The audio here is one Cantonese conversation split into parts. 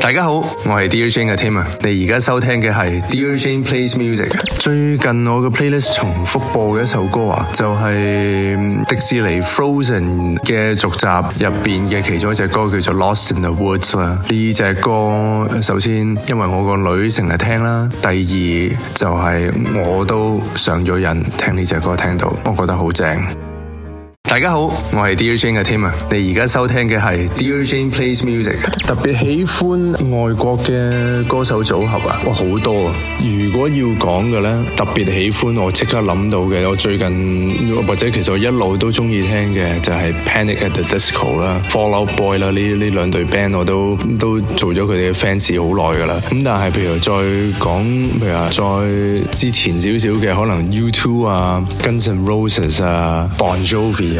大家好，我係 Dear Jane 嘅 Tim 啊。你而家收聽嘅係 Dear Jane Plays Music。最近我嘅 playlist 重複播嘅一首歌啊，就係、是、迪士尼 Frozen 嘅續集入面嘅其中一隻歌，叫做 Lost in the Woods 啦。呢隻歌首先因為我個女成日聽啦，第二就係、是、我都上咗癮聽呢隻歌，聽到我覺得好正。大家好，我係 Dear Jane 嘅 Tim 啊！你而家收聽嘅係 Dear Jane Plays Music。特別喜歡外國嘅歌手組合啊，哇好多啊！如果要講嘅咧，特別喜歡我即刻諗到嘅，我最近或者其實我一路都中意聽嘅就係 Panic at the Disco 啦、Fall Out Boy 啦呢呢兩對 band 我都都做咗佢哋嘅 fans 好耐噶啦。咁但係譬如再講譬如啊，再之前少少嘅可能 U2 啊、Guns N' Roses 啊、Bon Jovi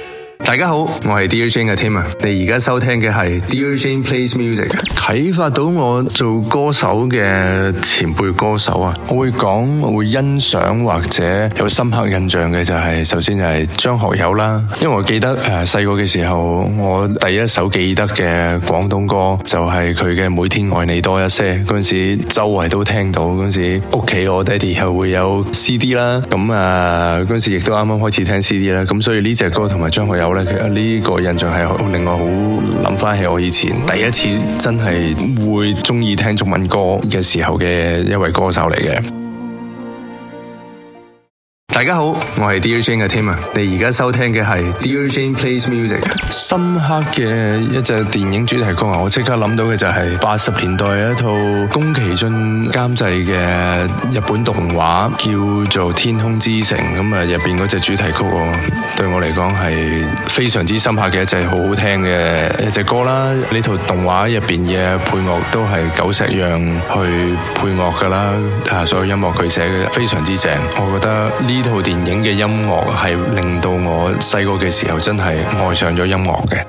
大家好，我係 DJ 嘅 Tim 啊！你而家收聽嘅係 DJ Plays Music。啟發到我做歌手嘅前輩歌手啊，我會講我會欣賞或者有深刻印象嘅就係，首先就係張學友啦。因為我記得誒細個嘅時候，我第一首記得嘅廣東歌就係佢嘅《每天愛你多一些》。嗰陣時周圍都聽到，嗰陣時屋企我爹哋又會有 CD 啦，咁啊嗰陣時亦都啱啱開始聽 CD 啦，咁所以呢隻歌同埋張學友。咧，其實呢個印象係令我好諗返起我以前第一次真係會鍾意聽中文歌嘅時候嘅一位歌手嚟嘅。大家好，我係 Dear Jane 嘅 Tim 啊。你而家收聽嘅係 Dear Jane plays music。深刻嘅一隻電影主題曲啊，我即刻諗到嘅就係八十年代一套宮崎駿監製嘅日本動畫，叫做《天空之城》。咁啊，入邊嗰隻主題曲，對我嚟講係非常之深刻嘅一隻好好聽嘅一隻歌啦。呢套動畫入邊嘅配樂都係久石讓去配樂噶啦，啊，所有音樂佢寫嘅非常之正，我覺得呢。部電影嘅音樂係令到我細個嘅時候真係愛上咗音樂嘅。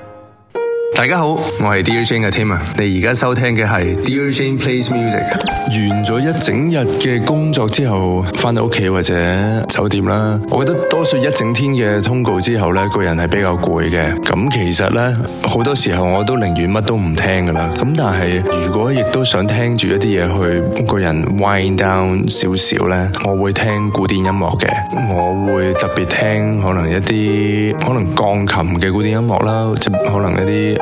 大家好，我係 Dear Jane 嘅 Tim 啊。你而家收聽嘅係 Dear Jane Plays Music。完咗一整日嘅工作之後，返到屋企或者酒店啦，我覺得多數一整天嘅通告之後咧，個人係比較攰嘅。咁其實呢，好多時候我都寧願乜都唔聽噶啦。咁但係如果亦都想聽住一啲嘢去個人 wind down 少少呢，我會聽古典音樂嘅。我會特別聽可能一啲可能鋼琴嘅古典音樂啦，即可能一啲。